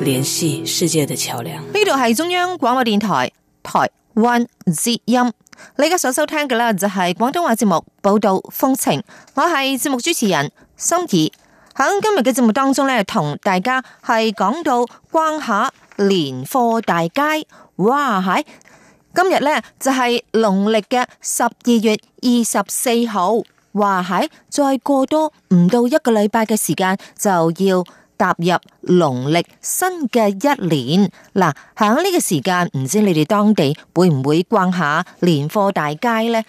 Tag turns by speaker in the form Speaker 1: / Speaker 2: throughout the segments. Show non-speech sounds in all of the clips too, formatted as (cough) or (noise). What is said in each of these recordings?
Speaker 1: 聯繫世界的橋樑。
Speaker 2: 呢度係中央廣播電台台灣之音，你而家所收聽嘅呢，就係廣東話節目報道風情，我係節目主持人心怡。喺今日嘅節目當中呢，同大家係講到關下年貨大街。哇！蟹今日呢，就係、是、農曆嘅十二月二十四號。哇！蟹再過多唔到一個禮拜嘅時間就要。踏入農曆新嘅一年，嗱，喺呢個時間，唔知道你哋當地會唔會逛下年貨大街呢？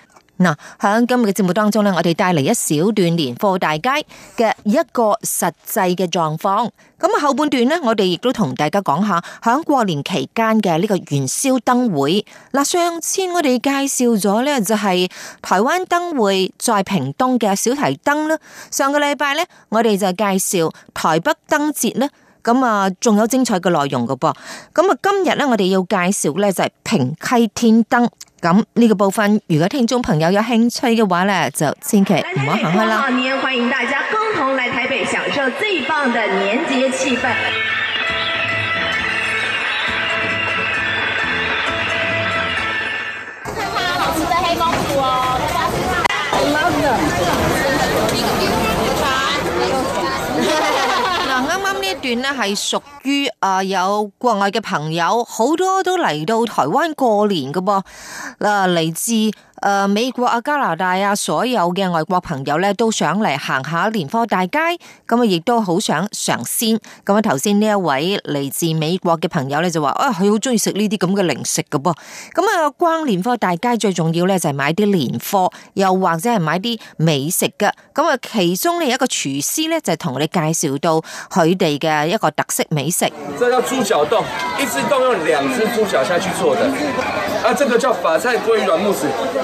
Speaker 2: 嗱，喺今日嘅節目當中咧，我哋帶嚟一小段年貨大街嘅一個實際嘅狀況。咁啊，後半段呢，我哋亦都同大家講下，喺過年期間嘅呢個元宵燈會。嗱，上次我哋介紹咗呢，就係台灣燈會在屏東嘅小提燈啦。上個禮拜呢，我哋就介紹台北燈節呢。咁啊，仲有精彩嘅內容噶噃。咁啊，今日咧，我哋要介紹咧就係、是、平溪天燈。咁呢個部分，如果聽眾朋友有興趣嘅話咧，就千祈唔好行開啦。新年歡迎大家共同來台北享受最棒嘅年節氣氛。是黑公哦，我 (music) 啱啱呢一段呢係屬於啊有國外嘅朋友，好多都嚟到台灣過年嘅噃，嗱，嚟自。誒、呃，美國啊，加拿大啊，所有嘅外國朋友咧，都想嚟行下年貨大街，咁啊，亦都好想嘗鮮。咁啊，頭先呢一位嚟自美國嘅朋友咧，就話：，啊，佢好中意食呢啲咁嘅零食噶噃。咁啊，逛年貨大街最重要咧，就係、是、買啲年貨，又或者係買啲美食噶。咁啊，其中呢一個廚師咧，就同你介紹到佢哋嘅一個特色美食。
Speaker 3: 即係叫豬腳凍，一隻凍用兩隻豬腳下去做的，啊，這個叫法菜鮭軟木子。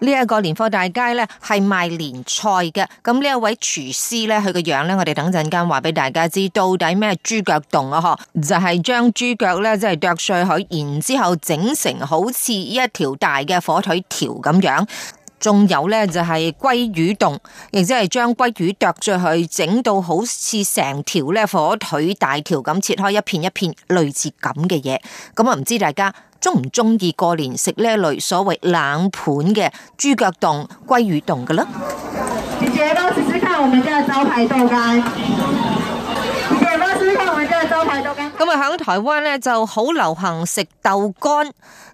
Speaker 2: 呢、這、一個年貨大街呢係賣年菜嘅，咁呢一位廚師呢，佢個樣呢，我哋等陣間話俾大家知到底咩豬腳凍啊！嗬，就係、是、將豬腳呢，即係剁碎佢，然之後整成好似一條大嘅火腿條咁樣。仲有呢，也就係鮭魚凍，亦即係將鮭魚剁咗去，整到好似成條咧火腿大條咁，切開一片一片，類似咁嘅嘢。咁啊，唔知大家中唔中意過年食呢一類所謂冷盤嘅豬腳凍、鮭魚凍嘅咧？姐姐我咁啊，響台灣呢就好流行食豆乾，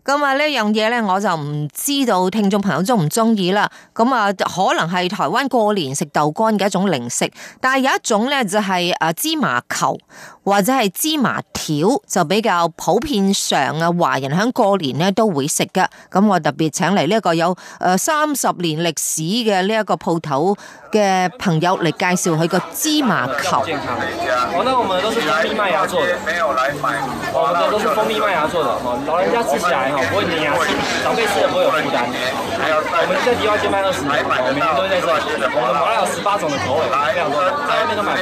Speaker 2: 咁啊呢樣嘢呢，我就唔知道聽眾朋友中唔中意啦。咁啊，可能係台灣過年食豆乾嘅一種零食。但係有一種呢，就係誒芝麻球或者係芝麻條，就比較普遍上啊，華人喺過年咧都會食㗎。咁我特別請嚟呢一個有誒三十年歷史嘅呢一個鋪頭嘅朋友嚟介紹佢個芝麻球。
Speaker 3: (laughs) 麥芽做的，沒有來買。我我哦，都是蜂蜜麥芽做的。老人家吃起來哈，不會黏牙，長輩吃也不會有負擔。的是奶我們地都係做奶粉。我，在我，我十八種的口味。在買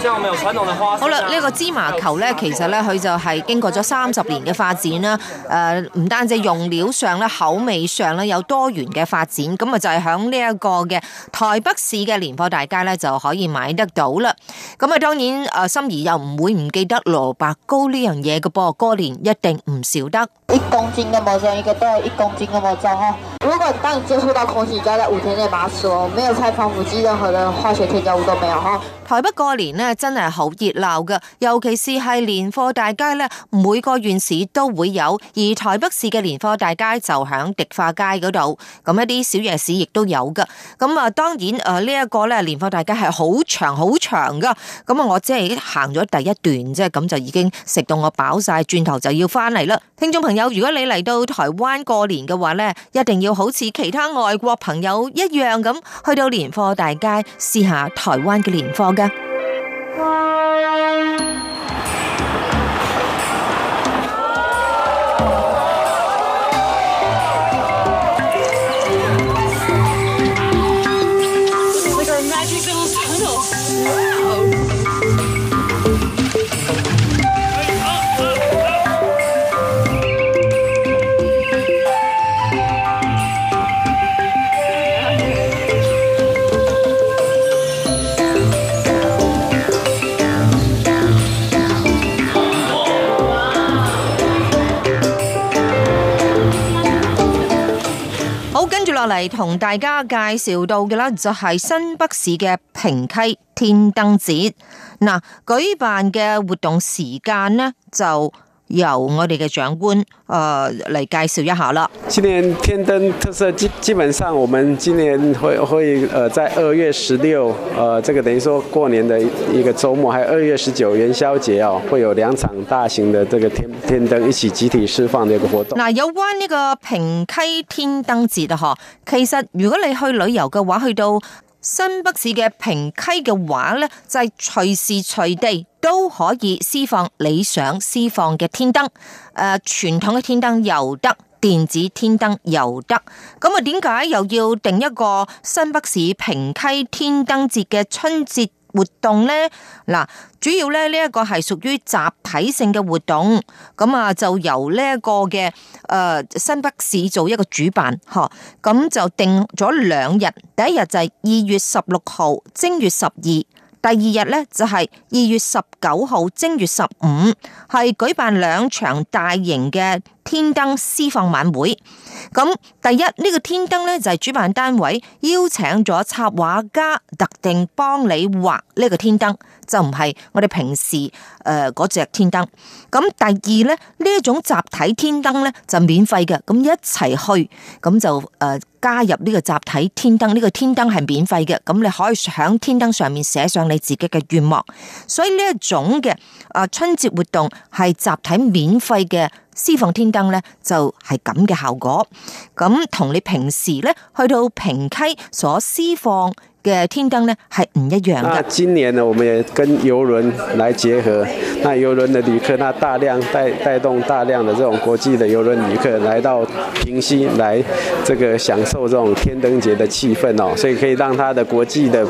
Speaker 3: 像我們、嗯、有傳統的
Speaker 2: 花、啊。好啦，呢、這個芝麻球咧，其實咧佢就係經過咗三十年嘅發展啦。誒、呃，唔單止用料上咧，口味上咧有多元嘅發展。咁啊就係響呢一個嘅台北市嘅年貨大街咧就可以買得到啦。咁啊當然誒，心怡又唔會唔記得蘿蔔糕呢樣嘢嘅噃，過年一定唔少得。一公斤咁多重，一個都係一公斤咁多重。如果當你接觸到空氣，就要在五天內把它鎖。沒有加防腐劑，任何的化學添加物都沒有。台北過年呢，真係好熱鬧嘅，尤其是係年貨大街呢，每個縣市都會有。而台北市嘅年貨大街就喺迪化街嗰度，咁一啲小夜市亦都有嘅。咁啊，當然誒，呢一個呢，年貨大街係好長好長噶。咁啊，我即係行咗第一段，啫，咁就已經食到我飽晒，轉頭就要翻嚟啦。聽眾朋有，如果你嚟到台灣過年嘅話呢，一定要好似其他外國朋友一樣咁，去到年貨大街試下台灣嘅年貨㗎。嚟同大家介紹到嘅啦，就係新北市嘅平溪天燈節。嗱，舉辦嘅活動時間呢就。由我哋嘅長官誒嚟、呃、介紹一下啦。
Speaker 3: 今年天燈特色基基本上，我們今年會會誒、呃、在二月十六，誒，這個等於說過年的一個周末，還有二月十九元宵節啊，會有兩場大型的這個天天燈一起集體施放嘅一個活動。
Speaker 2: 嗱，有關呢個平溪天燈節的嗬，其實如果你去旅遊嘅話，去到。新北市嘅平溪嘅話呢就係、是、隨時隨地都可以施放理想施放嘅天燈。誒、呃，傳統嘅天燈又得，電子天燈又得。咁啊，點解又要定一個新北市平溪天燈節嘅春節？活動呢，嗱，主要咧呢一個係屬於集體性嘅活動，咁啊就由呢一個嘅誒新北市做一個主辦，嗬，咁就定咗兩日，第一日就係二月十六號，正月十二；第二日呢，就係二月十九號，正月十五，係舉辦兩場大型嘅。天燈施放晚會，咁第一呢個天燈咧就係主辦單位邀請咗插畫家特定幫你畫呢個天燈，就唔係我哋平時誒嗰隻天燈。咁第二咧呢一種集體天燈咧就是免費嘅，咁一齊去咁就誒加入呢個集體天燈，呢個天燈係免費嘅，咁你可以響天燈上面寫上你自己嘅願望。所以呢一種嘅誒春節活動係集體免費嘅。施放天燈咧，就係咁嘅效果。咁同你平時咧去到平溪所施放嘅天燈咧係唔一樣。
Speaker 3: 今年呢，我們也跟遊輪來結合。那遊輪的旅客，那大量帶帶動大量的這種國際的遊輪旅客來到平溪，來這個享受這種天燈節的氣氛哦。所以可以讓他的國際的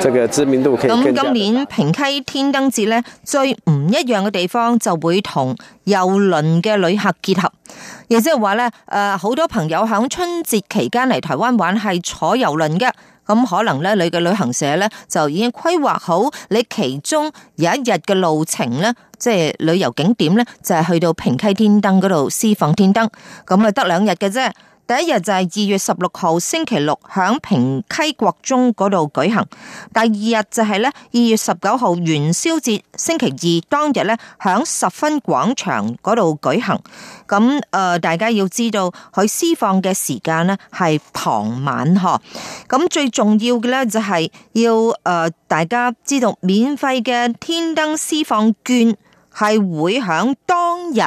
Speaker 3: 這個知名度可以更。咁今
Speaker 2: 年平溪天燈節咧，最唔一樣嘅地方就會同遊輪嘅旅客結合，亦即係話咧，誒，好多朋友喺春節期間嚟台灣玩係坐遊輪嘅，咁可能咧你嘅旅行社咧就已經規劃好你其中有一日嘅路程咧，即係旅遊景點咧，就係去到平溪天燈嗰度施放天燈，咁啊得兩日嘅啫。第一日就係二月十六號星期六，響平溪國中嗰度舉行。第二日就係咧二月十九號元宵節星期二當日咧，響十分廣場嗰度舉行。咁誒，大家要知道佢施放嘅時間呢係傍晚呵。咁最重要嘅咧就係要誒，大家知道免費嘅天燈施放券係會響當日。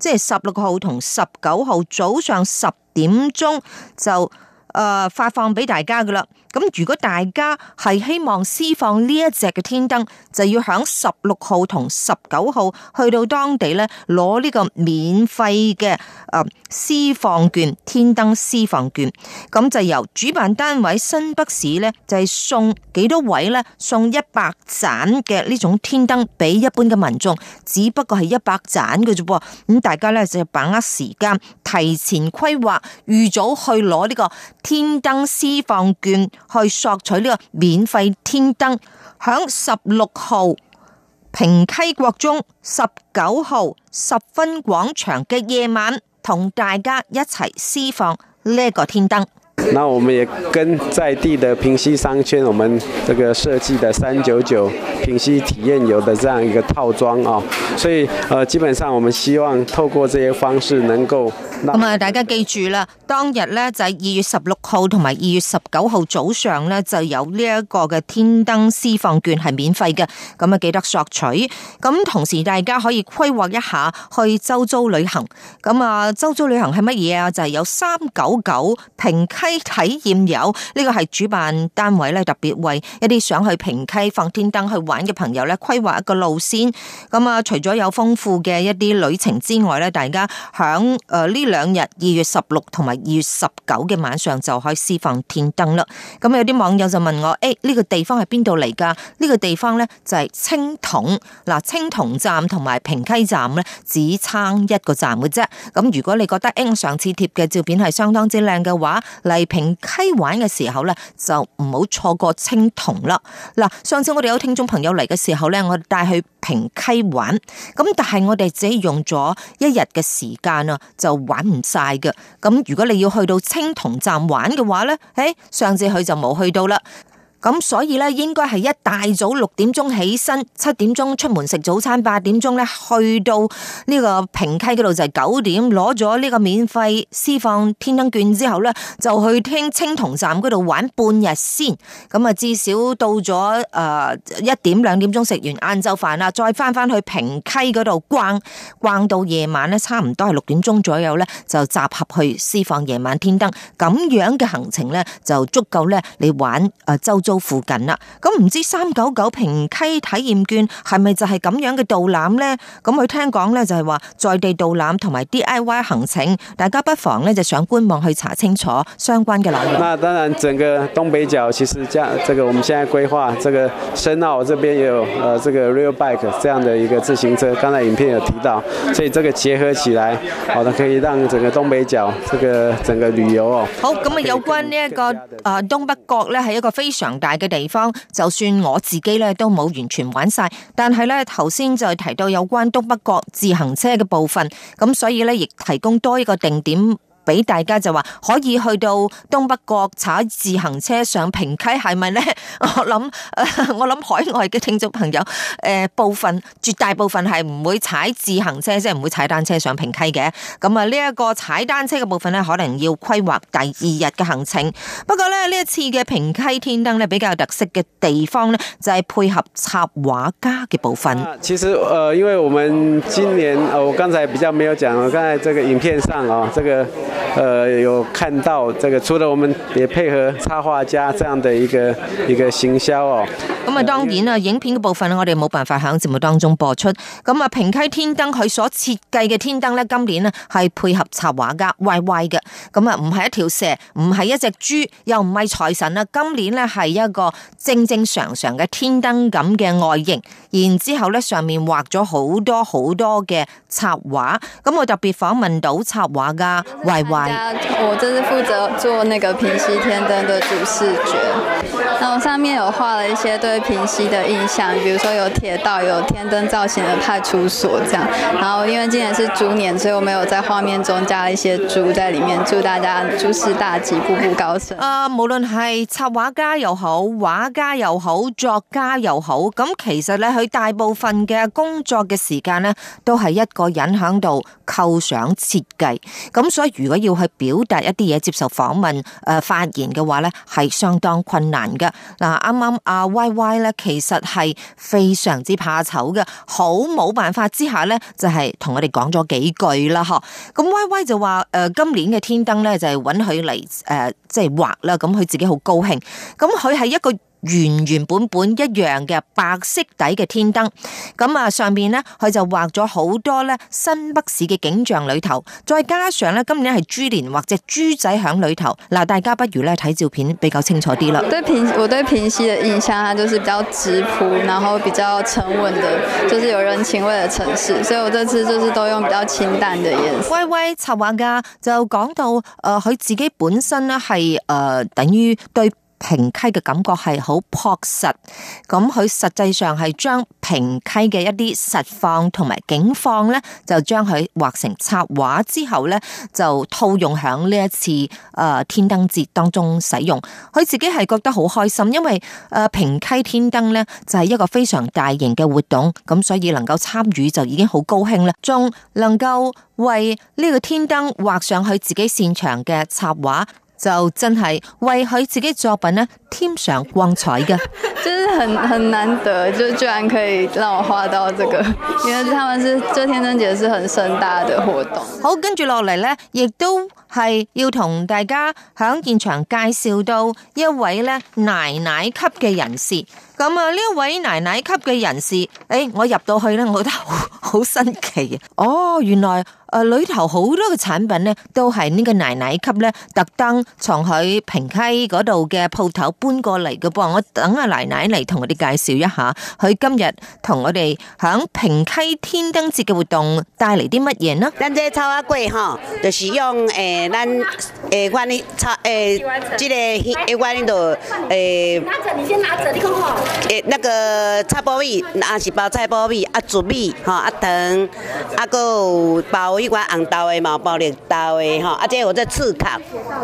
Speaker 2: 即係十六號同十九號早上十點鐘就。誒、呃，發放俾大家噶啦。咁如果大家係希望施放呢一隻嘅天燈，就要喺十六號同十九號去到當地咧，攞呢個免費嘅誒施放券，天燈施放券。咁就由主辦單位新北市咧，就係、是、送幾多位咧，送一百盞嘅呢種天燈俾一般嘅民眾，只不過係一百盞嘅啫。咁大家咧就要把握時間，提前規劃，預早去攞呢個。天燈施放券去索取呢個免費天燈，響十六號平溪國中，十九號十分廣場嘅夜晚，同大家一齊施放呢個天燈。
Speaker 3: 那我們也跟在地的平溪商圈，我們這個設計的三九九平溪體驗遊的這樣一個套裝啊，所以，呃，基本上我們希望透過這些方式能夠那。那麼
Speaker 2: 大家記住啦，當日咧就係、是、二月十六號同埋二月十九號早上咧就有呢一個嘅天燈施放券係免費嘅，咁啊記得索取。咁同時大家可以規劃一下去周遭旅行。咁啊，周遭旅行係乜嘢啊？就係、是、有三九九平溪。體驗有呢個係主辦單位咧，特別為一啲想去平溪放天燈去玩嘅朋友咧，規劃一個路線。咁啊，除咗有豐富嘅一啲旅程之外咧，大家響誒呢兩日二月十六同埋二月十九嘅晚上就可以施放天燈啦。咁有啲網友就問我：誒，呢個地方係邊度嚟噶？呢個地方咧就係菁桐嗱，菁桐站同埋平溪站咧只差一個站嘅啫。咁如果你覺得誒上次貼嘅照片係相當之靚嘅話，嚟。平溪玩嘅時候呢，就唔好錯過菁桐啦。嗱，上次我哋有聽眾朋友嚟嘅時候呢，我哋帶佢去平溪玩，咁但係我哋只係用咗一日嘅時間啊，就玩唔晒嘅。咁如果你要去到菁桐站玩嘅話呢，誒，上次佢去就冇去到啦。咁所以咧，應該係一大早六點鐘起身，七點鐘出門食早餐，八點鐘咧去到呢個平溪嗰度就係九點，攞咗呢個免費私放天燈券之後咧，就去聽青桐站嗰度玩半日先。咁啊，至少到咗誒一點兩點鐘食完晏晝飯啦，再翻翻去平溪嗰度逛逛到夜晚咧，差唔多係六點鐘左右咧，就集合去私放夜晚天燈。咁樣嘅行程咧，就足夠咧你玩誒、呃、周中。到附近啦，咁唔知三九九平溪體驗券係咪就係咁樣嘅導覽咧？咁佢聽講咧就係話在地導覽同埋 D I Y 行程，大家不妨咧就上官網去查清楚相關嘅內容。那
Speaker 3: 當然，整個東北角其實將這個我們現在規劃，這個深澳這邊有，呃這個 real bike 這樣的一個自行車，剛才影片有提到，所以這個結合起來，我哋可以讓整個東北角，這個整個旅遊哦。好，咁啊，有
Speaker 2: 關呢一個誒東北角咧，係一個非常大嘅地方，就算我自己咧都冇完全玩晒，但係咧頭先就提到有關東北角自行車嘅部分，咁所以咧亦提供多一個定點。俾大家就話可以去到東北角踩自行車上平溪係咪呢？我諗我諗海外嘅聽眾朋友，誒、呃，部分絕大部分係唔會踩自行車，即係唔會踩單車上平溪嘅。咁、嗯、啊，呢、這、一個踩單車嘅部分呢，可能要規劃第二日嘅行程。不過呢，呢一次嘅平溪天燈呢，比較有特色嘅地方呢，就係、是、配合插畫家嘅部分。
Speaker 3: 其實、呃，因為我們今年、呃，我剛才比較沒有講，我剛才這個影片上啊、哦，這個。誒、呃，有看到這個，除了我們也配合插畫家這樣的一個一個行銷哦。
Speaker 2: 咁啊，當然啦，影片嘅部分我哋冇辦法響節目當中播出。咁啊，平溪天燈佢所設計嘅天燈呢，今年呢係配合插畫家 Y Y 嘅。咁啊，唔係一條蛇，唔係一隻豬，又唔係財神啦。今年呢係一個正正常常嘅天燈咁嘅外形。然之後咧，上面畫咗好多好多嘅插畫，咁我特別訪問到插畫家維維。
Speaker 3: 我真係負責做那個平溪天燈的主視覺。然後我上面有畫了一些對平溪的印象，比如說有鐵道、有天燈造型的派出所，這樣。然後因為今年是豬年，所以我沒有在畫面中加了一些豬
Speaker 2: 在裡面，祝大家諸事大吉、步步高升。誒、呃，無論係插畫家又好、畫家又好、作家又好，咁其實咧佢大部分嘅工作嘅時間咧，都係一個人響度構想設計。咁所以如果要去表達一啲嘢、接受訪問、誒、呃、發言嘅話咧，係相當困難嘅。嗱，啱啱阿 Y Y 咧，其實係非常之怕醜嘅，好冇辦法之下咧，就係同我哋講咗幾句啦，嗬。咁 Y Y 就話誒，今年嘅天燈咧就係揾佢嚟誒，即係畫啦。咁佢自己好高興，咁佢係一個。原原本本一樣嘅白色底嘅天燈，咁啊上邊呢，佢就畫咗好多呢新北市嘅景象裏頭，再加上呢，今年係豬年或者豬仔響裏頭，嗱，大家不如呢睇照片比較清楚啲啦。對平
Speaker 3: 我對平溪嘅印象啊，就是比較質樸，然後比較沉穩的，就是有人
Speaker 2: 情味的城市，所以我這次就是都用比較清淡的顏色。喂喂，插畫家，就講到誒，佢、呃、自己本身呢，係、呃、誒等於對。平溪嘅感覺係好樸實，咁佢實際上係將平溪嘅一啲實況同埋景況咧，就將佢畫成插畫之後咧，就套用喺呢一次誒天燈節當中使用。佢自己係覺得好開心，因為誒平溪天燈咧就係、是、一個非常大型嘅活動，咁所以能夠參與就已經好高興啦，仲能夠為呢個天燈畫上佢自己擅長嘅插畫。就真係為佢自己作品呢添上光彩嘅，
Speaker 3: 就是很很難得，就居然可以讓我畫到這個。
Speaker 2: 因為他們是這天燈節，是很盛大的活動好。好，跟住落嚟呢，亦都係要同大家響現場介紹到一位呢奶奶級嘅人士。咁啊，呢一位奶奶級嘅人士，誒、欸，我入到去呢，我覺得好好新奇啊。哦，原來。誒裏頭好多嘅產品咧，都係呢個奶奶級咧，特登從喺平溪嗰度嘅鋪頭搬過嚟嘅噃。我等阿奶奶嚟同我哋介紹一下，佢今日同我哋響平溪天燈節嘅活動帶嚟啲乜嘢呢？人哋炒一攰嗬，就使用誒，咱誒嗰啲炒誒，即係一罐度誒。
Speaker 1: 拿着你先拿着呢個嗬，誒那個菜包米，阿是包菜包米，阿糯米嚇，阿糖，阿個包。呢我紅豆嘅，冇玻璃豆嘅，哈！阿姐，我只刺球，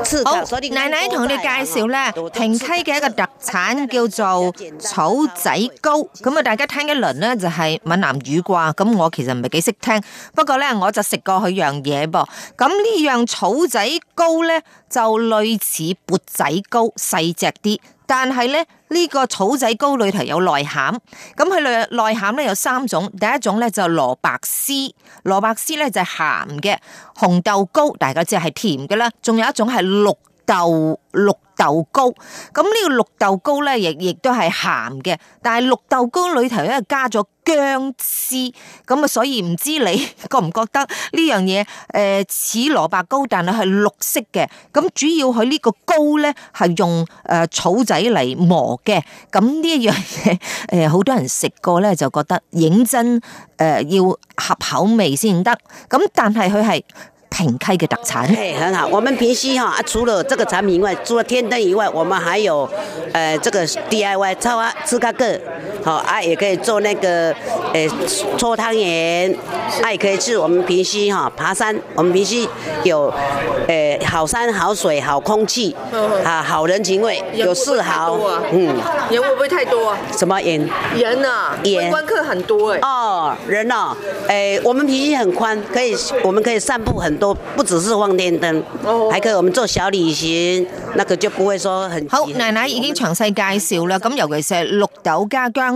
Speaker 1: 刺球。好，奶奶同你
Speaker 2: 介紹呢，平溪嘅一個特產叫做草仔糕，咁啊，大家聽一輪呢，就係閩南語啩，咁我其實唔係幾識聽，不過呢，我就食過佢樣嘢噃，咁呢樣草仔糕呢，就類似缽仔糕，細隻啲，但係呢。呢、這個草仔糕裏頭有內餡，咁佢內內餡咧有三種，第一種咧就蘿蔔絲，蘿蔔絲咧就係鹹嘅，紅豆糕大家知係甜嘅啦，仲有一種係綠豆綠豆糕，咁呢個綠豆糕咧，亦亦都係鹹嘅，但係綠豆糕裏頭咧加咗薑絲，咁啊，所以唔知你覺唔覺得呢樣嘢誒似蘿蔔糕，但係係綠色嘅，咁主要佢呢個糕咧係用誒、呃、草仔嚟磨嘅，咁呢樣嘢誒好多人食過咧就覺得認真誒、呃、要合口味先得，咁但係佢係。平溪的特產，誒，
Speaker 1: 很好。我們平溪哈，除了這個產品以外，除了天燈以外，我們還有，呃，這個 D I Y 超啊，自噶個。好，也可以做那個、欸、搓湯圓，也可以去我們平溪哈爬山，我們平溪有、欸、好山好水好空氣、啊好人情味，有四好。
Speaker 2: 嗯，人會不會太多、啊？
Speaker 1: 什麼人？人啊！人觀
Speaker 2: 客很多誒。哦，
Speaker 1: 人哦、欸、我們平溪很寬，可以我們可以散步很多，不只是放天燈、哦哦、還可以我們做小旅行，那個就不會說很。好很，奶奶已
Speaker 2: 經詳細介紹了。咁尤其是綠豆加姜。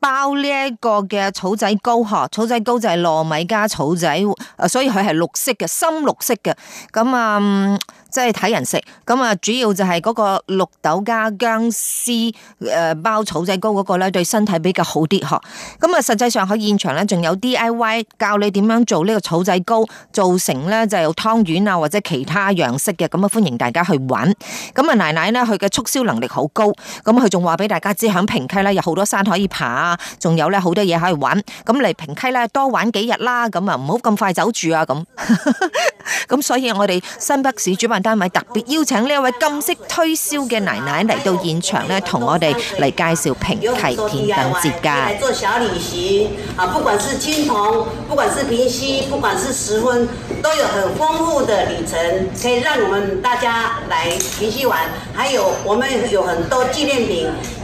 Speaker 2: 包呢一個嘅草仔糕嗬，草仔糕就係糯米加草仔，誒，所以佢係綠色嘅，深綠色嘅。咁啊，即係睇人食。咁啊，主要就係嗰個綠豆加薑絲，誒，包草仔糕嗰個咧，對身體比較好啲嗬。咁啊，實際上喺現場咧，仲有 DIY 教你點樣做呢個草仔糕，做成咧就有湯圓啊，或者其他樣式嘅。咁啊，歡迎大家去玩，咁啊，奶奶咧，佢嘅促銷能力好高。咁佢仲話俾大家知，響平溪咧有好多山可以爬。仲有咧，好多嘢可以玩，咁嚟平溪咧，多玩幾日啦，咁啊，唔好咁快走住啊，咁，咁所以我哋新北市主辦單位特別邀請呢一位咁識推銷嘅奶奶嚟到現場咧，同我哋嚟介紹平溪天燈節噶。做
Speaker 1: 小旅行，啊，不管是青銅，不管是平溪，不管是十分，都有很豐富的旅程，可以讓我們大家嚟平溪玩。還、嗯、有，我們有很多紀念品。嗯嗯嗯嗯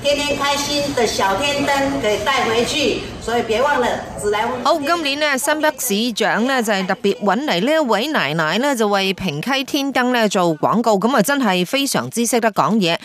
Speaker 1: 天天開心嘅小天燈，可以
Speaker 2: 帶回去，所以別忘了。好，今年呢新北市長呢就係、是、特別搵嚟，呢位奶奶呢就為平溪天燈呢做廣告，咁啊真係非常之識得講嘢。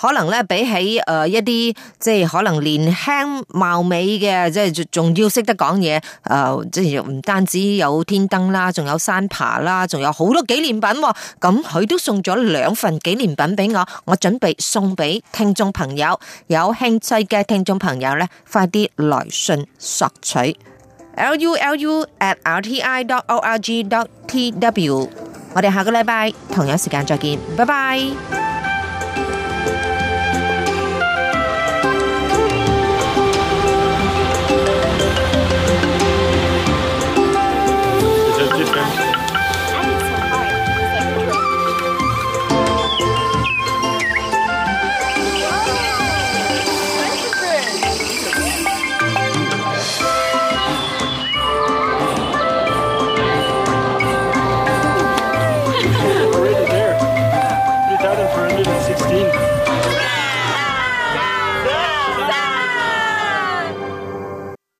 Speaker 2: 可能呢，比起誒、呃、一啲即係可能年輕貌美嘅，即係仲要識得講嘢。誒、呃，即係唔單止有天燈啦，仲有山爬啦，仲有好多紀念品、哦。咁佢都送咗兩份紀念品俾我，我準備送俾聽眾朋友。有興趣嘅聽眾朋友咧，快啲來信索取 lulu at rti dot org dot t w。我哋下個禮拜同樣時間再見，拜拜。